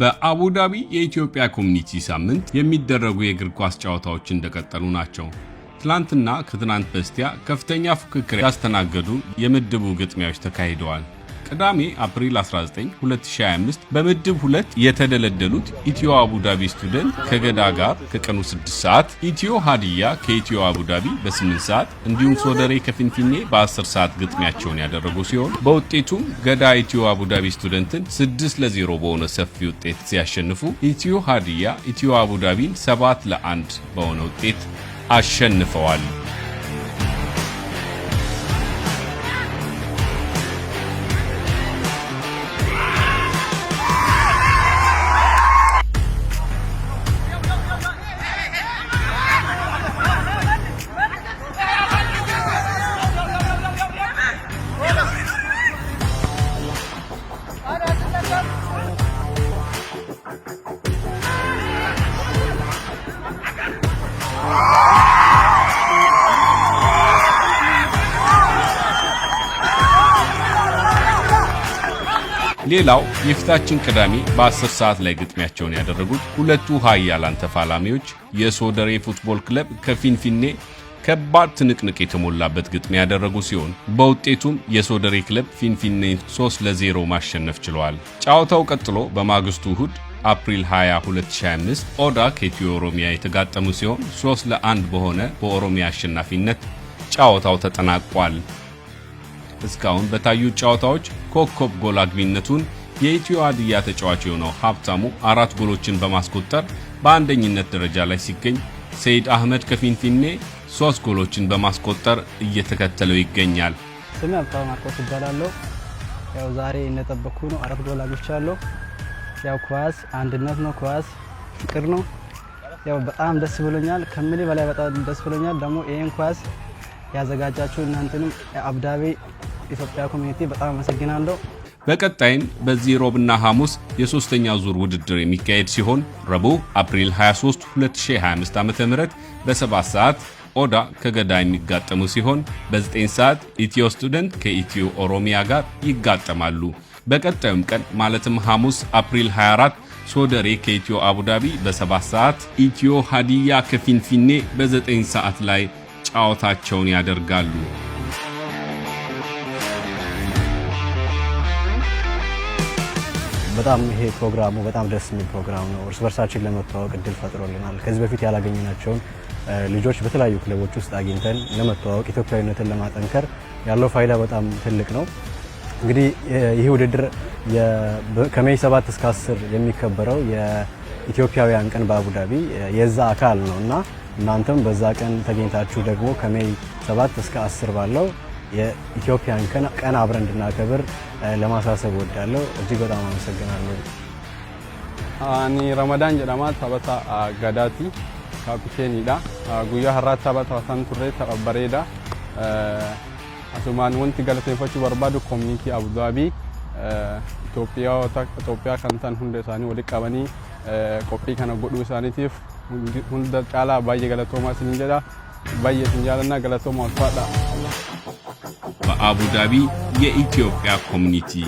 በአቡዳቢ የኢትዮጵያ ኮሚኒቲ ሳምንት የሚደረጉ የእግር ኳስ ጨዋታዎች እንደቀጠሉ ናቸው። ትላንትና ከትናንት በስቲያ ከፍተኛ ፉክክር ያስተናገዱ የምድቡ ግጥሚያዎች ተካሂደዋል። ቅዳሜ አፕሪል 19 2025 በምድብ ሁለት የተደለደሉት ኢትዮ አቡዳቢ ስቱደንት ከገዳ ጋር ከቀኑ 6 ሰዓት፣ ኢትዮ ሀዲያ ከኢትዮ አቡዳቢ በ8 ሰዓት እንዲሁም ሶደሬ ከፊንፊኔ በ10 ሰዓት ግጥሚያቸውን ያደረጉ ሲሆን በውጤቱም ገዳ ኢትዮ አቡዳቢ ስቱደንትን 6 ለ0 በሆነ ሰፊ ውጤት ሲያሸንፉ ኢትዮ ሀዲያ ኢትዮ አቡዳቢን 7 ለ1 በሆነ ውጤት አሸንፈዋል። ሌላው የፊታችን ቅዳሜ በ10 ሰዓት ላይ ግጥሚያቸውን ያደረጉት ሁለቱ ሃያላን ተፋላሚዎች የሶደሬ ፉትቦል ክለብ ከፊንፊኔ ከባድ ትንቅንቅ የተሞላበት ግጥሚያ ያደረጉ ሲሆን በውጤቱም የሶደሬ ክለብ ፊንፊኔ 3 ለ0 ማሸነፍ ችለዋል። ጨዋታው ቀጥሎ በማግስቱ እሁድ አፕሪል 20 2025 ኦዳ ከኢትዮ ኦሮሚያ የተጋጠሙ ሲሆን 3 ለ1 በሆነ በኦሮሚያ አሸናፊነት ጨዋታው ተጠናቋል። እስካሁን በታዩት ጨዋታዎች ኮከብ ጎል አግቢነቱን የኢትዮ አድያ ተጫዋች የሆነው ሀብታሙ አራት ጎሎችን በማስቆጠር በአንደኝነት ደረጃ ላይ ሲገኝ ሰይድ አህመድ ከፊንፊኔ ሶስት ጎሎችን በማስቆጠር እየተከተለው ይገኛል። ስሜ ሀብታሙ ማርቆስ ይባላለሁ። ያው ዛሬ እንደጠበቅኩ ነው። አራት ጎል አግብቻለሁ። ያው ኳስ አንድነት ነው፣ ኳስ ፍቅር ነው። ያው በጣም ደስ ብሎኛል፣ ከምሌ በላይ በጣም ደስ ብሎኛል። ደግሞ ይህን ኳስ ያዘጋጃችሁ እናንተንም አብዳቤ ኢትዮጵያ ኮሚኒቲ በጣም አመሰግናለሁ። በቀጣይም በዚህ ሮብና ሐሙስ የሦስተኛ ዙር ውድድር የሚካሄድ ሲሆን ረቡዕ አፕሪል 23 2025 ዓ ም በሰባት ሰዓት ኦዳ ከገዳ የሚጋጠሙ ሲሆን በ9 ሰዓት ኢትዮ ስቱደንት ከኢትዮ ኦሮሚያ ጋር ይጋጠማሉ። በቀጣዩም ቀን ማለትም ሐሙስ አፕሪል 24 ሶደሬ ከኢትዮ አቡዳቢ በ7 ሰዓት፣ ኢትዮ ሃዲያ ከፊንፊኔ በ9 ሰዓት ላይ ጨዋታቸውን ያደርጋሉ። በጣም ይሄ ፕሮግራሙ በጣም ደስ የሚል ፕሮግራም ነው። እርስ በርሳችን ለመተዋወቅ እድል ፈጥሮልናል። ከዚህ በፊት ያላገኘናቸውን ልጆች በተለያዩ ክለቦች ውስጥ አግኝተን ለመተዋወቅ ኢትዮጵያዊነትን ለማጠንከር ያለው ፋይዳ በጣም ትልቅ ነው። እንግዲህ ይህ ውድድር ከሜይ 7 እስከ 10 የሚከበረው የኢትዮጵያውያን ቀን በአቡዳቢ የዛ አካል ነው እና እናንተም በዛ ቀን ተገኝታችሁ ደግሞ ከሜይ 7 እስከ 10 ባለው የኢትዮጵያን ቀን አብረን እንድናከብር ለማሳሰብ እወዳለሁ። እጅግ በጣም አመሰግናለሁ። አኒ ረመዳን ጀዳማ ታበታ ጋዳቲ ካፒቴኒዳ ጉያ ሀራ ታበታ ዋሳን ቱሬ ተቀበሬዳ አሱማን ወንቲ ገለቴፈቹ በርባዱ ኮሚኒቲ አቡዛቢ ኢትዮጵያ ኢትዮጵያ ከንታን ሁንደ ሳኒ ወደ ቀበኒ ቆጲ ከነ ጎዱ ሳኒቲፍ ሁንደ ጫላ ባየ ገለቶማ ሲንጀዳ ባየ ሲንጃለና ገለቶማ ወጥፋዳ በአቡዳቢ የኢትዮጵያ ኮሚኒቲ